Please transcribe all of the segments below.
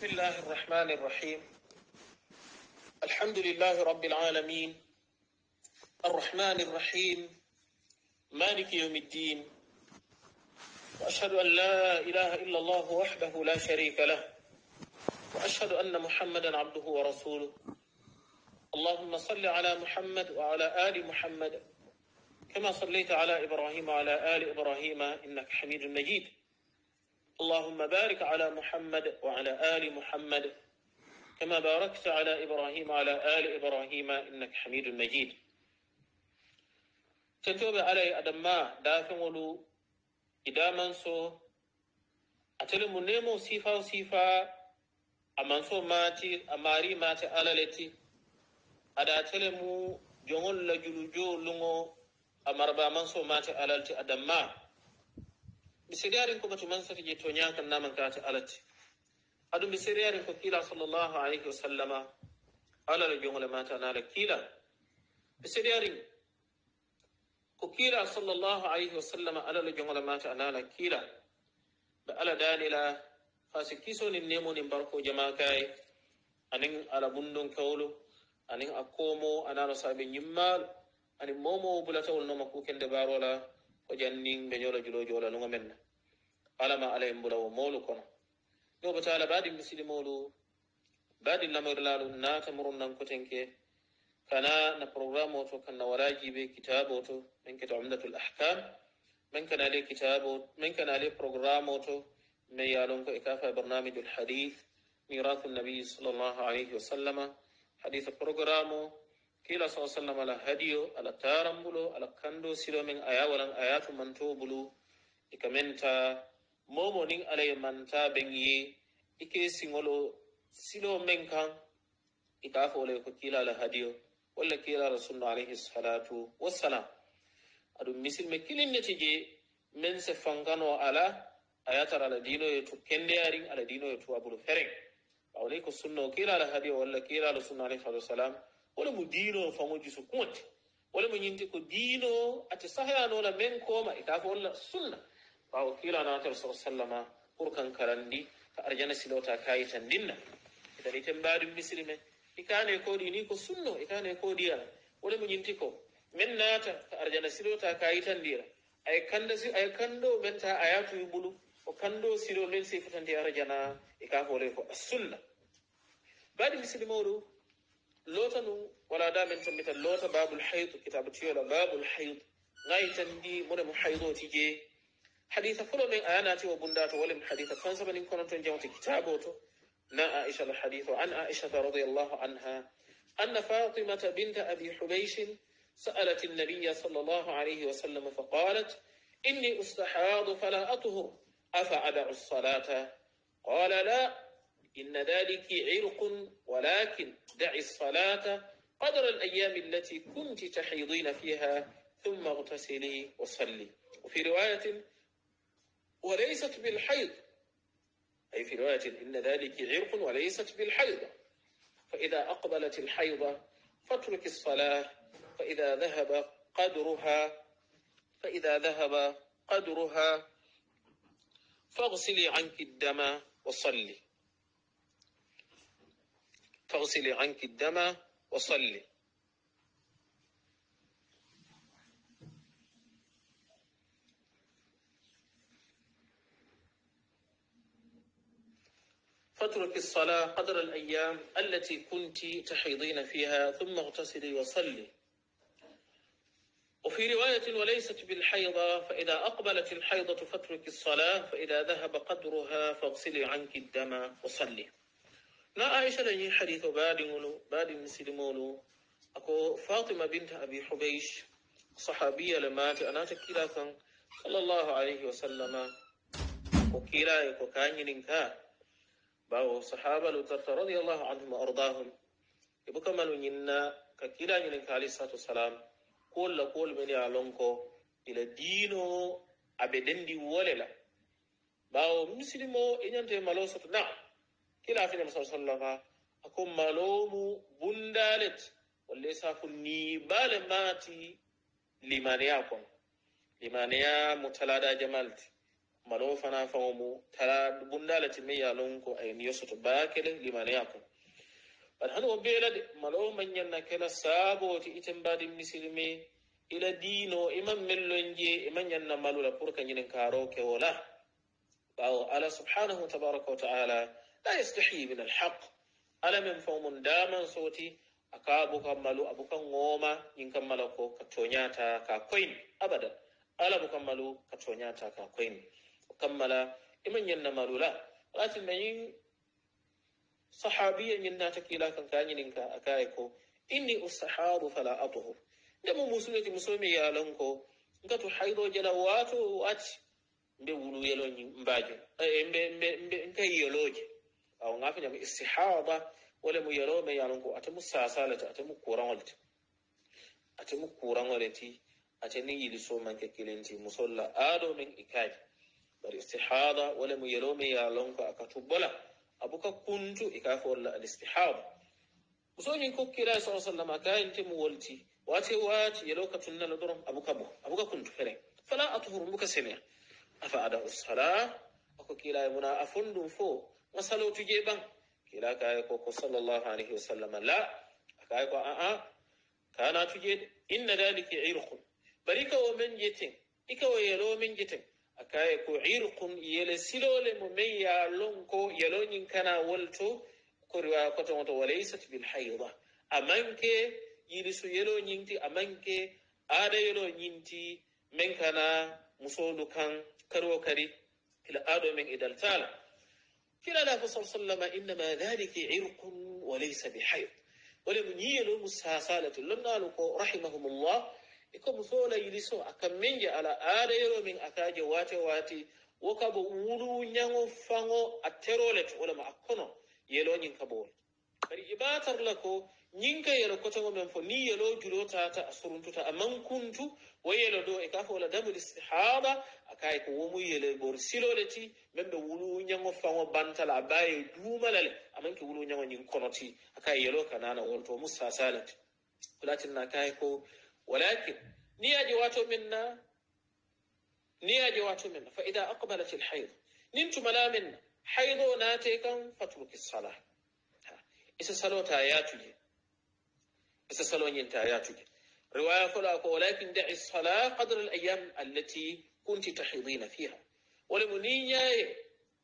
بسم الله الرحمن الرحيم الحمد لله رب العالمين الرحمن الرحيم مالك يوم الدين وأشهد أن لا إله إلا الله وحده لا شريك له وأشهد أن محمدا عبده ورسوله اللهم صل على محمد وعلى آل محمد كما صليت على إبراهيم وعلى آل إبراهيم إنك حميد مجيد اللهم بارك على محمد وعلى آل محمد كما باركت على إبراهيم وعلى آل إبراهيم إنك حميد مجيد تتوب علي أدما ولو إذا سو أتلم نيمو وسيفا امان سو ماتي أماري ماتي ألالتي أدا تلمو جون لجلو جو لنغو أمربا سو ماتي ألالتي أدما misiliyarin kuma tu man sarki to kan naman ka ta alati adu misiliyarin ko kila sallallahu alaihi wasallama ala la jumla mata na la kila misiliyarin ko kila sallallahu alaihi wasallama ala la jumla mata na la kila da ala dalila fasi kiso nemo ni barko jama'a anin ala bundon kaulu anin akomo anara sabin yimmal anin momo bulata wonno makuken da barola o jannin ɓe ñola julo jolanuga men na alama ala en mbulawo molu kono yoɓo taala baɗi misilimolu baɗi lamoyrlalu naata muronnankotenke kana na programme o to kanna walaji ɓe kitabe o to min keta umdatul ahkam من كان عليه كتاب من كان عليه برنامج من يعلم إكافة برنامج الحديث ميراث النبي صلى الله عليه وسلم حديث برنامج kila sa sallam ala hadiyo ala tarambulo ala kando silomin aya walan ayatu manto bulu ikamenta momo nin alay manta ben ike singolo silo min kan ika fo ko kila ala hadiyo walla kila ala sunna alayhi salatu wassalam aɗum misilme kilinneti je men se fangano ala tara ala dinoye to kendeyarin ala dinoye to abulu fereng awlay ko sunna o kila ala hadiyo walla kila ala sunna alayhi salatu wassalam wole mo diino famoji so kumote wole mo ñinde ko diino acca sahayanola men kooma ita ko olla sunna ɓawo kiilanatar sa sallama ɓurkan karandi ka arjana silota kayita ndinna e dari ten mbadum misri men ikane e koɗi ni ko sunno ikane e koɗiyana wole mo ñinti ko min naata ka arjana silota kayitandira ay kandasi ay kando men ta ayatuy ɓulu o kando silo men sifatandi arjana e kafo wole ko a sunna mbadi misri mawɗo لوتنو ولا دامن تمت اللوت باب الحيض كتاب تيولا باب الحيض غاية دي من محيضو تيجي حديث فلو من آناتي وبندات ولم حديث فانسا من كنت جوت كتابوتو نا عائشة الحديث عن عائشة رضي الله عنها أن فاطمة بنت أبي حبيش سألت النبي صلى الله عليه وسلم فقالت إني أستحاض فلا أطهر أفأدع الصلاة قال لا إن ذلك عرق ولكن دع الصلاة قدر الأيام التي كنت تحيضين فيها ثم اغتسلي وصلي وفي رواية وليست بالحيض أي في رواية إن ذلك عرق وليست بالحيض فإذا أقبلت الحيض فاترك الصلاة فإذا ذهب قدرها فإذا ذهب قدرها فاغسلي عنك الدم وصلي فاغسلي عنك الدم وصلي فاترك الصلاة قدر الأيام التي كنت تحيضين فيها ثم اغتسلي وصلي وفي رواية وليست بالحيضة فإذا أقبلت الحيضة فاترك الصلاة فإذا ذهب قدرها فاغسلي عنك الدم وصلي na aisha da yin hadithu badin wulu badin silmolu ako fatima binta abi hubaish sahabiya lamati anata kila kan sallallahu alaihi wa sallama ko kila ko kanyin ka bawo sahaba lu tarta radiyallahu anhum ardahum ibu kamalu nyinna ka kila nyin ka alayhi salatu salam kol la kol men ya lonko ila dino abe dendi wolela bawo muslimo inyante malo satu na kila fina a kun malomu bundalet sa sakun ni da mati limaniya kun limaniya mu talada jamalti malo fana mu tala bundaleti me yalon ko ayni limaniya bakele limaneya kon bari hani o beelade malo na kela itin ba mbaadi misilme ila dino iman mellon je na malu da pour ka karo ke kewola bawo ala subhanahu tabaraka wa taala la yastahi min alhaq alamin fawmun daman soti aka bukan malu abukan ngoma yin kammala ko ka tonyata ka koin abadan ala bukan ka tonyata ka koin kammala iman yanna malula lakin mai yin sahabiyan yanna takila kan kanyin ka akai ko inni usahabu fala atuhu da mu musulmi musulmi yalan ko nga to haydo jala wato wati mbe wulu yelo nyi mbajo e mbe mbe mbe nka aw ŋa fo ñama istihada wala mo yelo men yanon ko atemu sasala ti atemu kuraŋol ti atemu kuraŋole ti ateni yili so manke kilenti musolla aɗo men ikaji bari istihada wala mo yelo men yalon ko aka tubbola abuka kuntu ika fo walla al istihada musoñin kokkila sa sallam akayinte mo wolti wati wati yelo ka tunnala doron abuka bo abuka kuntu fere fala atuhuru mbuka seneya afa ada usala ako kila muna fo مسألة تجيبا كلا كايكو صلى الله عليه وسلم لا كايكو آآ آه آه. كانا تجيد إن ذلك عرق بريكا ومن جتن إكا ويلو من جتن أكايكو عرق يلي سلو لممي يالونكو يلون ينكنا ولتو كروا قطمت وليست بالحيضة أمنك يلسو يلو ينتي أمنك آد يلو ينتي من كان مصول كان كروكري إلى آدو من إدالتالا قال له صلى الله عليه وسلم انما ذلك عرق وليس بحيض ولم يلو مساسالة لم نالكو رحمهم الله يكون فولا يلسو أكمن على آدير من أكاج واتي واتي وكبو أولو نيانو فانو أترولت ولم أكونو يلو نين كبول فريباتر لكو ñinka yelo coté wa men fo ni yalo julo tata a suruntuta a mankuntu wo yelo e ka fo wala damu istihaba akaye ko womu yele bor silole ti men ɓe wulu fa fango bantala a baye duumalale amanke wulu ñango ñin kono yalo akaye yelo ka nana wolto mu na walatinna kaye ko walakin niyaji wato minna niyaji wato minna fa idha aqbalat alhayd nin tumala minna haydo nate kan fatruki sala isa salota yatuje bisa salon yin ta ya tuki. riwaya ya kula ko walafin da isala ƙadarar ayyam allati kunti ta hiru na fiye. Wani mu ni ya yi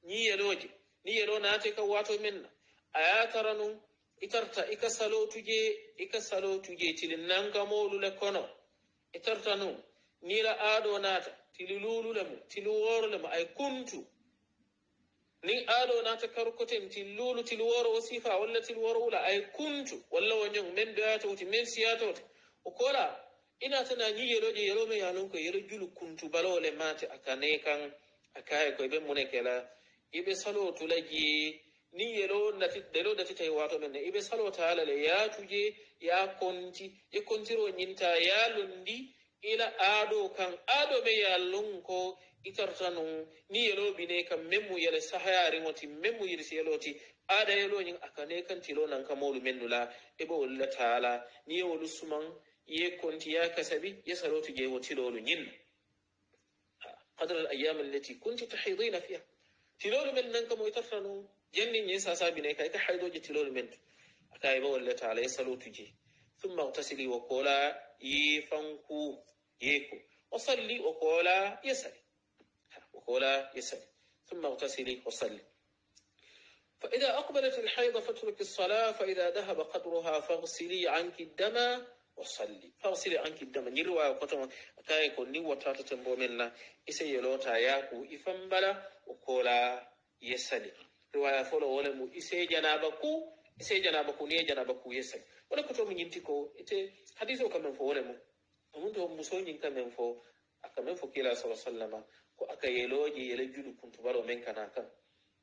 ni ya loje, ta kawo wato min na. A ya tara nun itarta ika salo tuge, ika salo tuge tilin nan gamo lula kono. Itarta nun ni la ado na ta tilin lulu lamu, tilin wuro lamu, ai kuntu ni aɗo nata karkoten til lulu til woro o sifa walla til woro wula ay kuntu walla wo jong men ɗoyata wuti men siyatote o kola inatana ñi yeloje yelome yalonko yelo julu kuntu balole mate aka ne kan akaye koye ɓe munekela iɓe salo tulaji ni yelo dati delo datitay wato men ne iɓe salo talale yatuje ya konti ye kontiro ñinta yalondi ila ado kan ado be ya ko itartanu ni yelo bine kan memu yele sahayari moti memu yele yeloti ada yelo nyin akane kan tilo nan kamolu mennula ebo walla taala ni yewolu suman ye konti ya kasabi ya sarotu je woti tilolu nyin qadra al ayyam allati kunti tahidina fiha tilolu men nan kamo itartanu jannin sasa bine kai ka haido je tilolu men akai be walla taala ya sarotu je ثم اغتسلي وقولا يفنكو يكو وصلي وقولا يسلي وقولا يسلي ثم اغتسلي وصلي فإذا أقبلت الحيض فاترك الصلاة فإذا ذهب قدرها فاغسلي عنك الدم وصلي فاغسلي عنك الدم نيروا آية وقتما كايكو نيو تاتو تنبو مننا إسي يلوتا ياكو إفنبلا وقولا يسلي رواية فولو ولمو إسي جنابكو إسي جنابكو نيه جنابكو يسلي wala koto mu ñinti ko ite hadiso ka men fo wole mu amunto muso ñin ka men fo aka men fo kila sa sallama ko aka yeloje yele julu kuntubaro men kana kan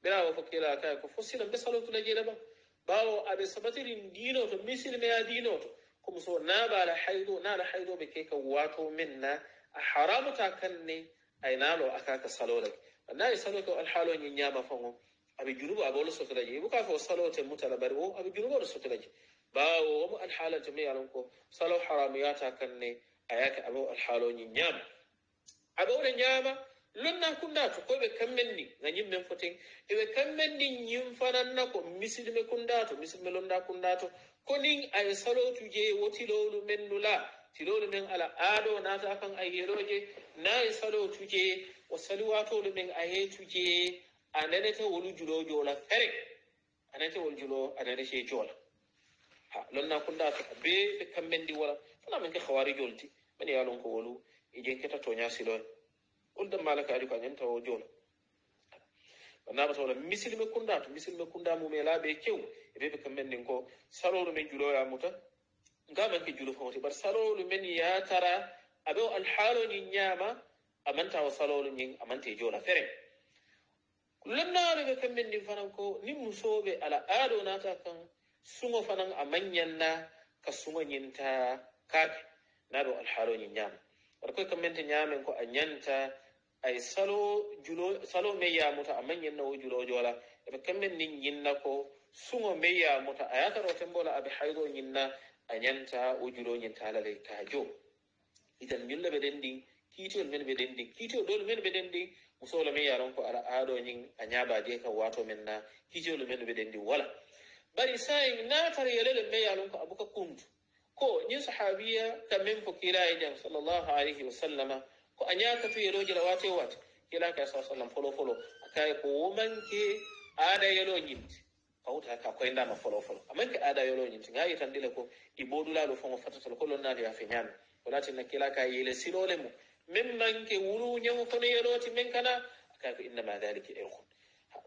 birawo fo kila kaya ko fo silam be salotula jeele ba bawo aɓe sabatirin diinoto misilmeya diinoto komi so naɓaala haydo naala haydoɓe ke ka wato men na a haramuta kan ne ay naalo akaka salolake anna e saloke alhaaloñi ñama fango aɓe junubo aɓe wolo sotolaje ibuka fo salote mutala bari wo aɓe junubo ɗo sotolaje bawo mu alhala jumni jami'a ko salo haramu ya ta kanne ayake abo alhalo A nyam abo le nyama lonna kunda to ko be kammenni na yin men foten e be yin fanan na ko misilme kunda to misilme londa kunda to konin ay salotu je wa men nula tilolu men ala ado nata kan ay yeroje na ay salotu je o lu men ayetu je ta wani julo jola fere ananete wol julo ananete jola ha lonna kunda ta be kambendi wala fana men ke khawari jolti men ya lon ko wolu e jen keta to nya silo on da malaka ari ko nyen tawo jol na ba sawla misilme kunda to misilme kunda mu me be kew e be kambendi ko saloro men julo ya muta ngama ke julo fawti bar saloro men ya tara al halu ni nyama amanta wa saloro nyin e jola fere kullum na ga kan min fana ko ni muso ala ado na ta kan su mafanan a manyan na ka suŋo ñinta kaaɓe naa ɗum alhaalooñi ñaama wata koye kammente ñaamen ko a a ay salo julo salo me yamuta a maŋ na wo juloojo da eɓe kammen nin na ko suŋo me yamuta a yaataro tembo la aɓe haydoo ñinna a ñanta wo juloo ñinta la ley kaajo itan ñulla ɓe ɗen ɗin kiitol men kito ɗen ɗin kiitol ɗol men ɓe ɗen ɗin musowla men yaron ko a aaɗo ñin a ba jee ka wato min na kiitolu men ɓe wala bari saying na da me yalon abu abuka kuntu ko ni sahabiya ta min ku kira ya jaŋ salallahu alayhi wasallama ko a ka fi yeloo jela waate waate kira ka sa sallam folo folo a ka ko wo maŋ ke aada yin ñinti ka wuta ka koyindama folo folo a man ke aada yin ñinti ŋa yitandi le ko i boodulaalu faŋo fatatol ko ya ye a ko lati na kira ka yele siloo le mu min man ke wulu ko ne yalo ti min kana a ka ko innama ma irkun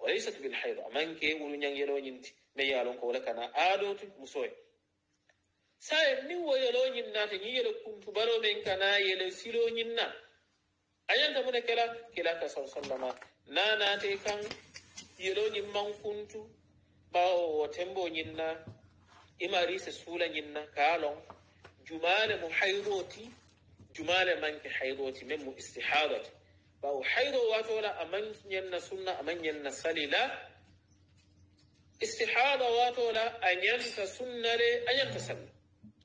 walaysat bilhaydo a بالحيض ke wulu ينجلون ينتي na yalon ko na ado tu musoy saye ni wo yelo nyin na te yelo kuntu baro men kana yelo silo nyin na ayanta muna kala kila ka sallama na na te kan yelo yin man kuntu bawo wo tembo nyin na imari se sula nyin na kalon jumale mu hayroti jumale ki hayroti men mu ba bawo hayro wato la amanyen na sunna amanyen na salila istihada wato la anyanta sunnare anyanta sallah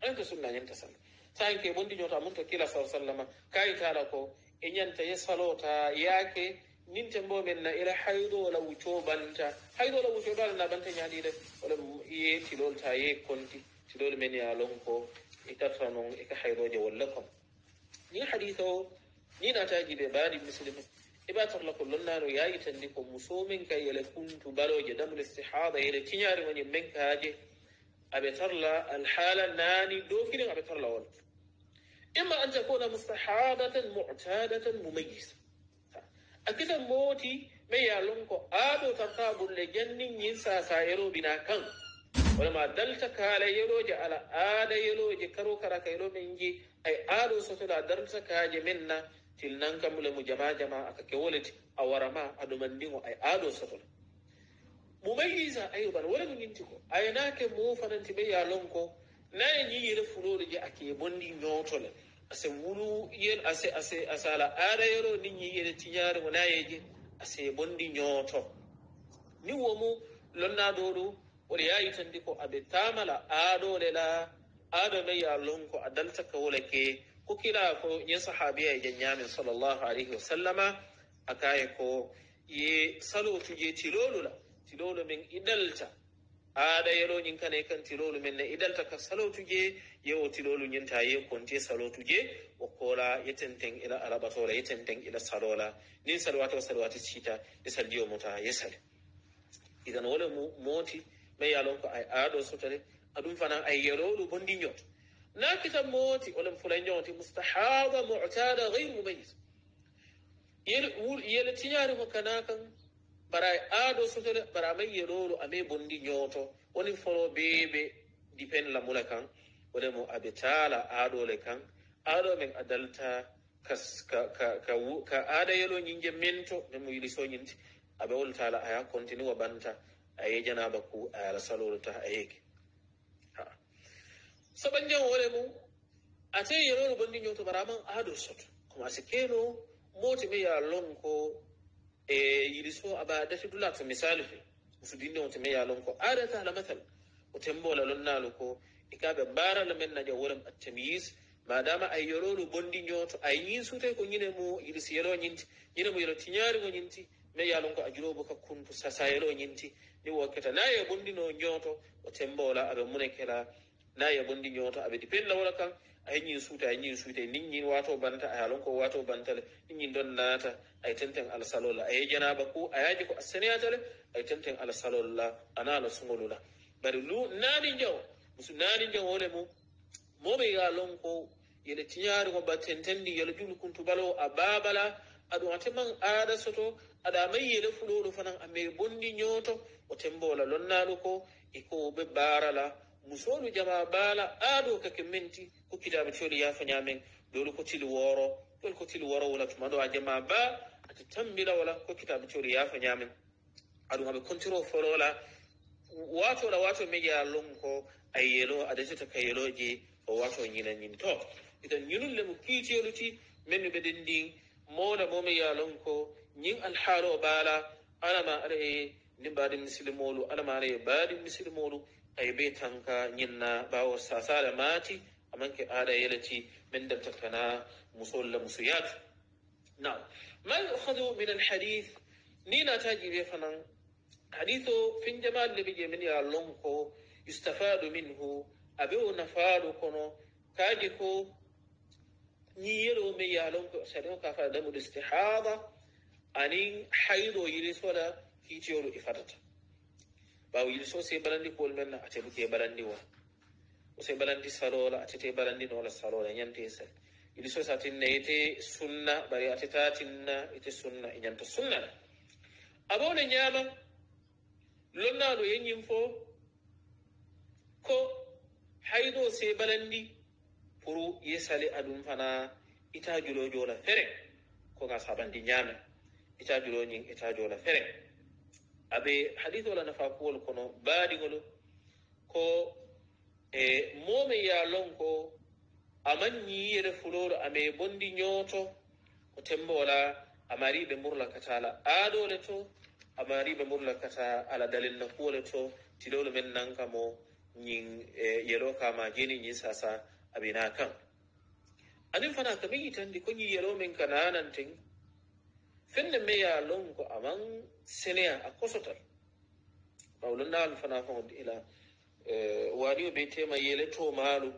anyanta sunna anyanta sallah sai ke bondi nyota mun ta kila sallama kai tala ko inyanta yasalota yake nin mbo men na ila haido la wuto banta haido la wuto dala na banta nyaadi de wala ye tilol ta ye konti tilol men ya lon ko ita fanon ika haido je walla ni haditho ni na ta gibe badi muslimin إبا ترلا كلنا نياي تنديكو مسومن كي يلكون تبالو جدم الاستحاضة إلى تنيار من يمن كاجه أبي ترلا الحالة ناني دوكين أبي ترلا ولد إما أن تكون مستحاضة معتادة مميزة أكثر موتي ما يعلمكو آدو ترتاب لجن ينسى سائرو بنا كان ولما دلتك على يلوج على آد يلوج كرو كرك يلو منجي أي آدو ستلا درتك هاج منا tilnan kamule mu jama jama aka ke wolet a warama aɗo mandingo ay aɗo sotola mumayisa ayuban wala ko ñinti ko ay ke mu fananti ɓe ya lon ko naye ñiyere da je ake bondi A ase wulu yen ase ase asala aɗayero ni ñiyere tiñare mo nayeje ase bondi ñooto ni womu lonnaɗo ɗo oɗo yawi tandi ko aɓe tamala aɗole la aɗo ɓe ya lon ko a dalta ka wola ke kukila ko sahabi sahabiya yin yamin sallallahu alaihi wa a kayan ko ye salotu je tilolula la tilolu min idalta yaro yin kane kan tilolu min na idalta ka salotu je yewo tilolu ñinta yi konte salotu je o kola tenten ila yi tenten ila salola ni salwata o salwati sita e saldiyo mota ya sali idan wani moti ma yalon ko ay aɗo a aɗum fana lu yelolu bondiñoto nakita mooti walla fulañoote mustahaba mutada gayre mumayis yele tiñaari ho kana kan bara aado sotore bara may yeɗoolo ame bondi ñooto woni foro beeɓe dipen lamula kan wala mo aɓe taala aaɗole kan aaɗo men a dalta ka aada yelo ñinje mento men mo yiɗi soñinde aɓe wol taala aya continue wa banta a yejanaɓa ku a ala salolo ta a yeeke soɓanjan wole mum ate yerore gondi ñowto maraman aɗo soto koma si keno moti mi ya lon ko e yiliso aba dati dulat misalu fe usudinno te mi ya lon ko adatala mathal o tembola lonnalu ko e kaɓe mbarala men naƴa wolem attamis madama ay yerolu bondi ñoto ay ñin sute ko ñine mo yiɗi si yelo ñinti ñine mo yelo tiñarigo ñinti mi yalon ko a jurobo ka kuntu sasa yelo ñinti ni woketa naye bondino ñoto o tembola aɓe munekela naya bondi ñoto aɓedi pella wola kan ayiñin suuta ayiñin suuta ninñin wato banta a yalon ko wato bantale ninñin don naata ay tenten ala salolla aye janaba ku ayaji ko aseniyatale ay tenten ala salolla anaala sugolula bari lu naani jaw musu naani jaw wole mu moɓe yalon ko yele tiñaari ko battentendi yele julu kuntubalo a babala aɗum atemman aɗa soto aɗa mayi yele fuloɗo fanan amei bondi ñoto o tembola lonnaɗo ko eko ɓe barala musolu jama bala ka kake menti ko kidaɓe ya fanya men dole ko tilu woro dole ko tilu woro wala tuma ɗo a jama ba ata tambila wala ko kitabu kitaɓe ya fanya men a haɓe contiro kontiro forola wato meƴa lon ko a yelo aɗa ta ka je o wato nyina nyin to itan ñinulle mo kiitiyoluti men no ɓeɗen ndin mawna momi ya lon ko ñin alhaalo o ɓaala alama aɗa e ndimbaɗi misilimolu alama aɗa e baaɗi misilimolu ay be tanka ñinna ɓawo sasala maati amanke aɗa yelati min demta kana musolla musoyatu nam ma yuhadu min alhadith ni nataji ɓe fanan hadith o fin jamal le ɓe min ya lonko yustafadu minhu aɓe o nafaɗo kono kaadi ko ñiyelo min ya lonko sadi o ka fa damuɗo istihada anin hayɗo yiri sola kiitiyolu e fatata ɓaw yil so se balandi kool men na a teɓuke balandi wa ose balandi salola a tete balandi nola salola ñante sa yili so sa tinna yete sunna bari a teta tinna yete sunna e ñanta sunnana abone ñaama lonnaɗo yeñin fo ko haydo se balandi pour ye sale aɗum fana ita julo jola fere ko ga sabandi ñaama ita julo ñin ita jola fere aɓe hadis wala nafakuwol kono baaɗigol ko e moome yalon ko aman ñiyere fuloro ame bondi ñooto ko temmba wala amariɓe murlakatala aɗole to amariɓe murlakata ala dalel nakuwole to tiɗolo men nankamo ñin e, yelo kama jeni ñin sasa aɓena kan anin fana kamin yitandi ko ñi yelo men ka nananten finne meya longo aman seneya a kosotal mawlum naalu fana fahode ila eh, waɗi ɓe tema yele to malu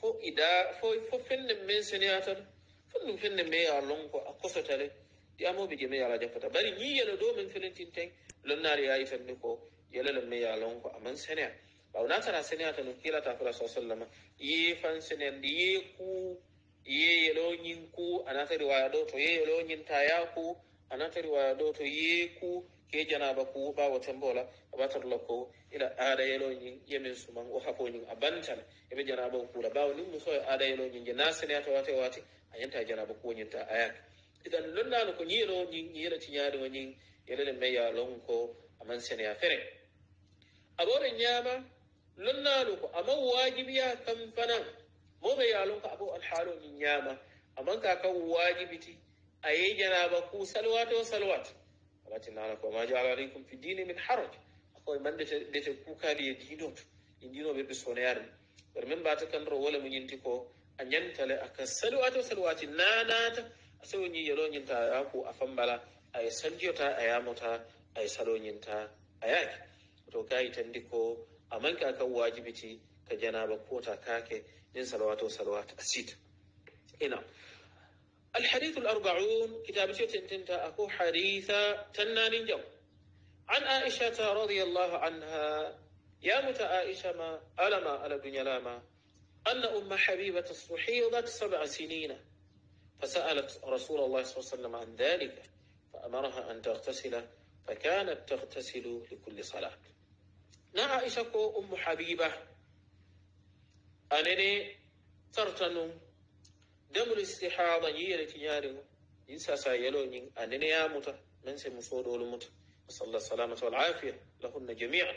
fo ida fo fo fenne men seneya tan me ya fenne meya longo a kosotale yamoɓe je ya ala jappata bari ni yele ɗo min felintinten lonnaari yayi tan ni ko yelele meya longo aman seneya ɓaw natana seneya tan o kirata ta sa sallama ye fan seneyandi ye ku ye yeloñin ku anatari waya ɗo to ye ya yaku anatari waya ɗo to ye ku ke janaba ku ɓawo tembola aɓatarla ko ila aada yeloñin yemin suman o hakoñin a bantan eɓe janaba kula ɓawo nin muso e aada yeloñin je nasene ata wate wate a yanta janaba kuwoñinta ayake idan lonnano ko ñiyeloñin ñiyela tiñaɗoñin yelele me ya lon ko aman a fere aɓoɗen ñama lonnano ko aman wajibiya kam fanan mo ɓe yalonko abo alhaalo min ñaama aman ka kan wajibiti a yi janaba ku salwato o salwat alati na ko ma jaala aleykum fi dini min haraj akoye man da dete in dino diinoto e diinoɓe ɓe soneyarni ba min kan ro wala mun yinti ko a ñantale aka na-na-ta salwati so asawo ñiyelo ñinta ya ku a fambala aye sanjiyota a a aye salonyinta a yaake to kayi tandi a aman ka kan wajibiti ka janaba ta kake من صلوات وصلوات الست هنا إيه، نعم. الحديث الأربعون كتاب تنتا أكو حديث تنان جو عن عائشة رضي الله عنها يا مت عائشة ما ألم ألا الدنيا لاما أن أم حبيبة استحيضت سبع سنين فسألت رسول الله صلى الله عليه وسلم عن ذلك فأمرها أن تغتسل فكانت تغتسل لكل صلاة نا عائشة أم حبيبة anene tartanu demul istihada yiyere kiñaariŋo yin sasa yelo ñiŋ anene ya muta sai se musoo doolu muta wasalla salamata walafia lahunna jami'a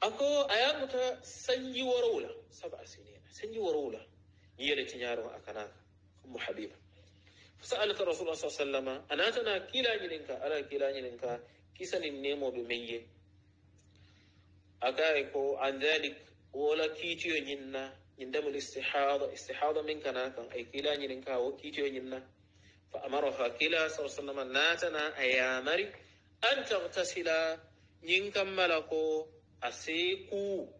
ako a ye muta sanji worowu la saba sinina sanji worowu la yiyere kiñaariŋo a kanaka ummu habiba fasalaka rasula sa sallama anatana kila ñininka ala kila ñininka kisanin nemo be yi. A akaye ko an dhalik wala kiitiyo ñinna ñin demul istihada istihada min kana kan ay kila ñinin ka wo kiitiyo ñinna fa amaraha kila sa sallama naatana a yamari an tagtasila ñin kammala ko a seeku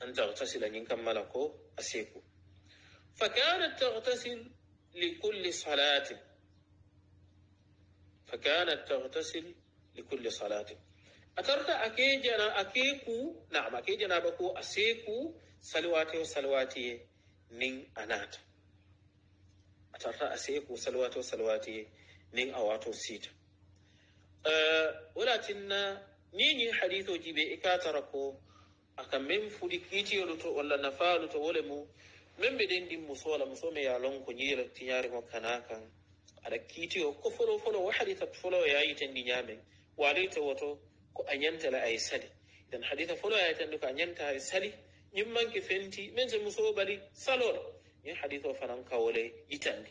an tagtasila ñin kammala ko a seeku فكانت تغتسل لكل صلاة فكانت تغتسل لكل صلاة A a ake jana ake ku na'am ake jana ba ko a se ku salwate salwate nin a a se ku salwate salwate nin a wato sita na nini haditho ika tara ko a kan min ya kiitiyolu wala na fa to wale mu min wala muso mai yalon ku ni ko ñiira yari ma kana kan aɗa ya ko folo folo wa hadita folo yayiten ndi ñaamen waɗirte wato. ko a ñantala ay sali dan hadita fono aya tan de ko a ñanta ay sali ñimmanke fenti min so musoo ɓali salola ñin hadite o fanan kawole itande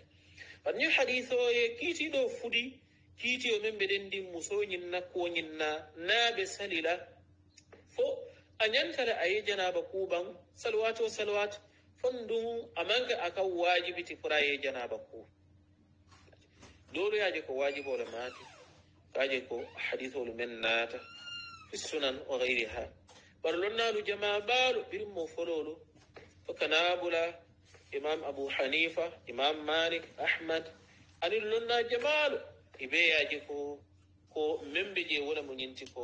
par ñin hadite o ye kiitiɗo fuɗi kiiti o min mbeɗen ndin musoo ñinna ko ñinna naaɓe salila fo a ñantala aye janaba kuuban salwat o salwat fon ɗum amanke a kan waajibiti pora ye janaba kuu doloyaje ko waajibole maati kaaje ko hadite olu men naata sunan o gayri ha bara lonnaɗu jama ɓaaɗo ɓirin mo fololo fokanabula imam abu hanifa imam malik ahmad anin lonna jamaɗo ɓeyaji e ko ko membe je wona mo ñinti ko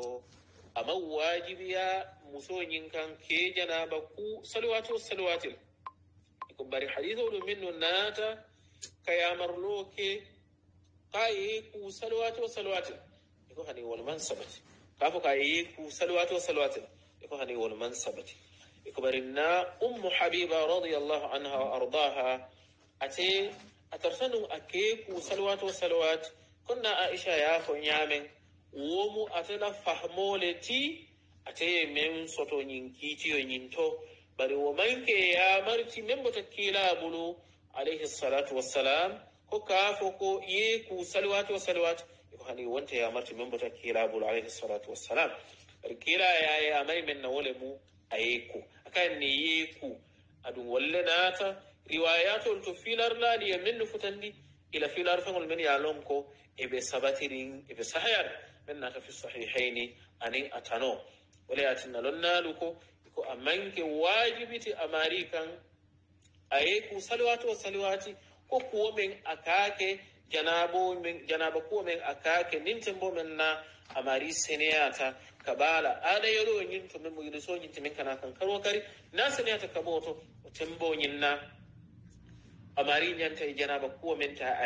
amma wajibiya musoñin kan kejanaɓa ku salwati o salwatil ko bari hadise oɗo min no naata kayamarlo ke kaye ku salwati o salwatil eko hani wolman sabati كافو إيه، كاي سلوات وسلوات يكون هني ول من سبتي يكبرنا أم حبيبة رضي الله عنها وأرضاها أتي أترسنو أكي كو سلوات وسلوات كنا عائشة يا أخو نعمين ومو أتنا فهمولتي أتي من صوتو نينكيتي ونينتو bari wo manke yamarti men bota kiilabulu alayhi salatu wassalam ko كو ko yeeku salawatu wa salawat wanta ya wonte min bata bota kilaɓol alayhi salatu wassalam aɗa kila yi amai min na wale mu a a akan ne yeeku aɗum wolle naata filar to ni min men no ni ila filar feŋol min ya lon ko sahayar min eɓe sahayat men naata fi sahihaini anin atano wala yatinna lon naalu ko ko a manke wajibiti amari kan a ku salwatu o salwati ko kuwa min a kake. janaba ko a kake nintin bo min na amari seneyata kabala ada yoro nyin to men mugido so nyin timin kana kan karo kari na seneyata tun bo nyin na A amari nyanta janaba ko min ta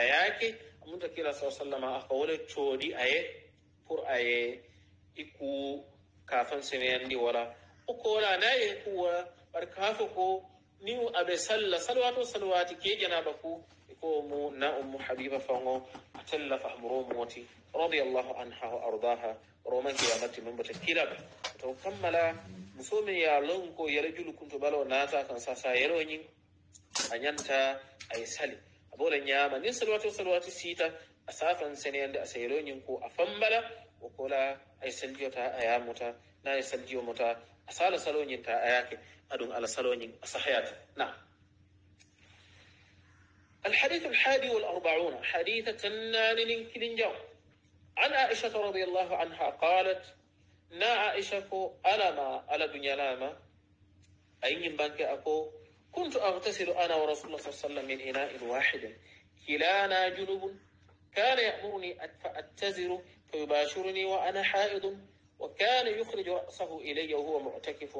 ta kira sau sallama a chodi aye a aye iku kafan seneyandi wala uku wala na ye kuwa barka barka ko ni abe salla salwatu salwati ke janaba ku komo na umu habiba fango a tallafa hamro moti radiyallahu anha wa ardaha roman kiyamati min bata kila ba to kammala musomi ya lon ya yare kuntu balo na ta kan sasa a yin anyanta ay sali abola nyama ni salwatu salwatu sita asafan sene yanda asayro nyin ko afambala o kola a ya ayamuta na ay saljiyo muta asala salo ta ayake adun ala salo nyin asahayat na الحديث الحادي والأربعون حديث كنان الانكلنجو عن عائشة رضي الله عنها قالت نا عائشة ما ألا دنيا لاما أي بانك أكو كنت أغتسل أنا ورسول الله صلى الله عليه وسلم من إناء واحد كلانا جنوب كان يأمرني فأتزر فيباشرني وأنا حائض وكان يخرج رأسه إلي وهو معتكف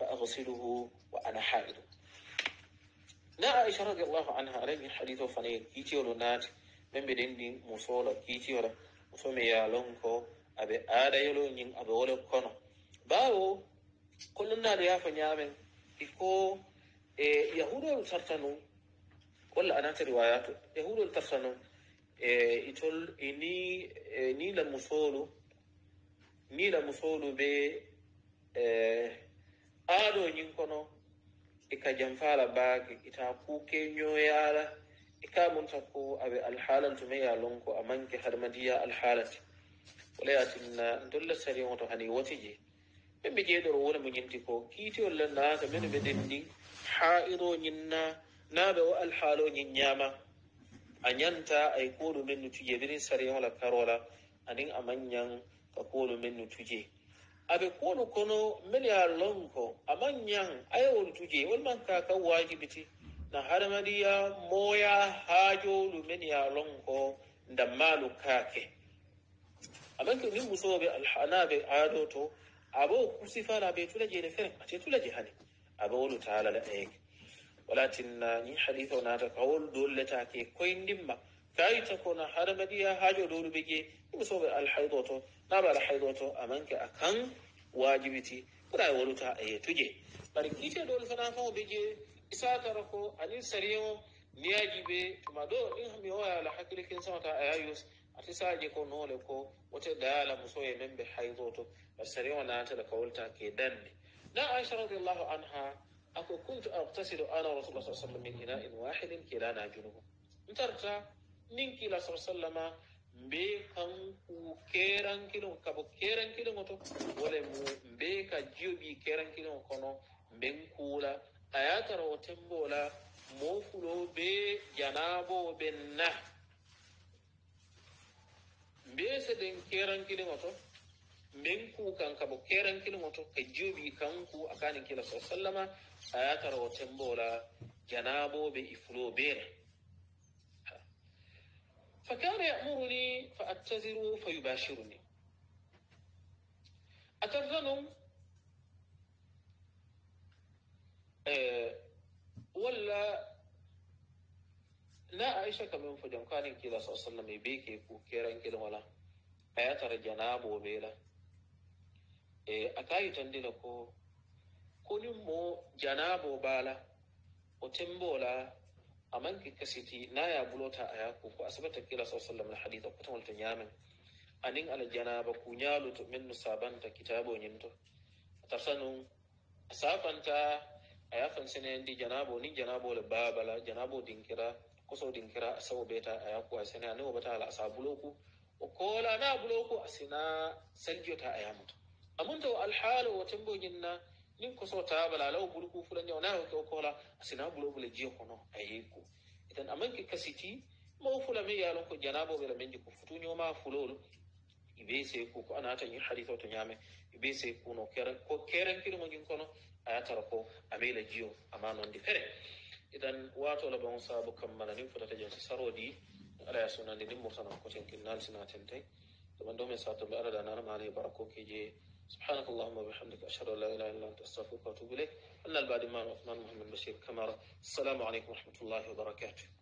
فأغسله وأنا حائض nda aicha radiallahu anha arani hadit o fana en kiitiyolo naati men mbe ɗen ɗin mo soola kiitiyola mo somi yalon ko aɓe aɗayolo ñin aɓe wole kono baawo kollonnaɗo yaafa ñaamen iko e yahuɗol tarta nu walla anata riwayatu yahuɗol tarta nu e itol ini e e niila musoolu niila musoolu ɓe aɗo ñin kono ika e jam fala baake ita e kuke ñoyala ika e mun sakko awe alhaalan tume ya lonko amanke harmadiya alhaalati wala yatinna dolla sarion to hani woti je min ɓe jeeɗoro wona mo ñinti ko kiitiolle naaka mino ɓe denndi haa'iro ñinna naaɓe o alhaalo ñiññama a ñanta ay kolu men no tuje ɓirin sarion la karola anin amanñan ka kolu men no tujee abe kono kono meliya lonko amanyan ayawol tuje walman kaka wajibiti na ya moya hajo hajolu meliya lonko ndammalu kake amanke min musoɓe anaɓe adoto to abo kusifala ɓe tulaje ne fere ate tulaje hani aɓe wolu taalala eke walatinnañi hadith o nata kawol dolletake koye ndimma kayita kona hadamadiya haajo dowlu ɓe ƴe musu soɓe alhaydo laɓala hayloto amanke a kan wajibiti pour ay woluta e tuje bari kiiteɗol fana fan ɓe je isatara ko anin sariya o niyaji ɓe tuma ɗo ɗin mi oyala hakkille ken samata a yayus ati saje ko noole ko wote dayala musoye men ɓe hayloto bari sariya o natala ka wolta ke dande na aicha radiallahu anha ako kuntu agtasilu ana rasulullah sa sallam min ina'in wahidin kilana junubu ntarta nin kila sa sallama mbe kanku keerankiɗo kabo keerankiɗogo to wole mu mbe ka jiyoɓi keerankiɗogo kono mben kuula a yatara o tembola mofulo be janaboɓe na mbe seɗen keerankiɗogo to mben ku kan kabo keerankiɗogo to ka jiyoɓi kanku akani kila sa sallama a yatara o tembola janaboɓe ifulo be na فكان يأمرني فأتزر فيباشرني أترذنم أه ولا na aisha kamin fujan kanin kila sa sallam mai beke ko keran kilin wala a ya tara janabo bela e a kayi tandila ko kunin mo janabo bala o timbola aman ki kasiti na ya bulota ayako ko asbata kila sallallahu alaihi wasallam hadith ko yamin anin al janaba ku nyalu to min ta kitabo nyinto tasanu safanta ayafan sene ndi janabo ni janabo le babala janabo dinkira so dinkira asawo beta ayako asene ne bata ala asabulo ku o kola na bulo ku asina sanjota ayamuto amunto al halu wa tambo nyinna nin ko sota bala law bulu ku fulan yau na ko kola asina bulo bulo je ayi ko idan a ki kasiti ma fula me yalon ko janabo bela men ko futu nyoma fulol ibe se ko ko anata yin hadithu to nyame ibe se ko no kere ko kere kirmo gin kono ayatara ko amela jiyo amano di fere idan wato la ban sabu kammala nin futa jan sarodi ala ya sunan din murtana ko tin kin nan sinatin tai to ban me sa to ala da nan ba barako ke je سبحانك اللهم وبحمدك أشهد أن لا إله إلا أنت أستغفرك وأتوب إليك أن البعد ما عثمان محمد بشير كمارة السلام عليكم ورحمة الله وبركاته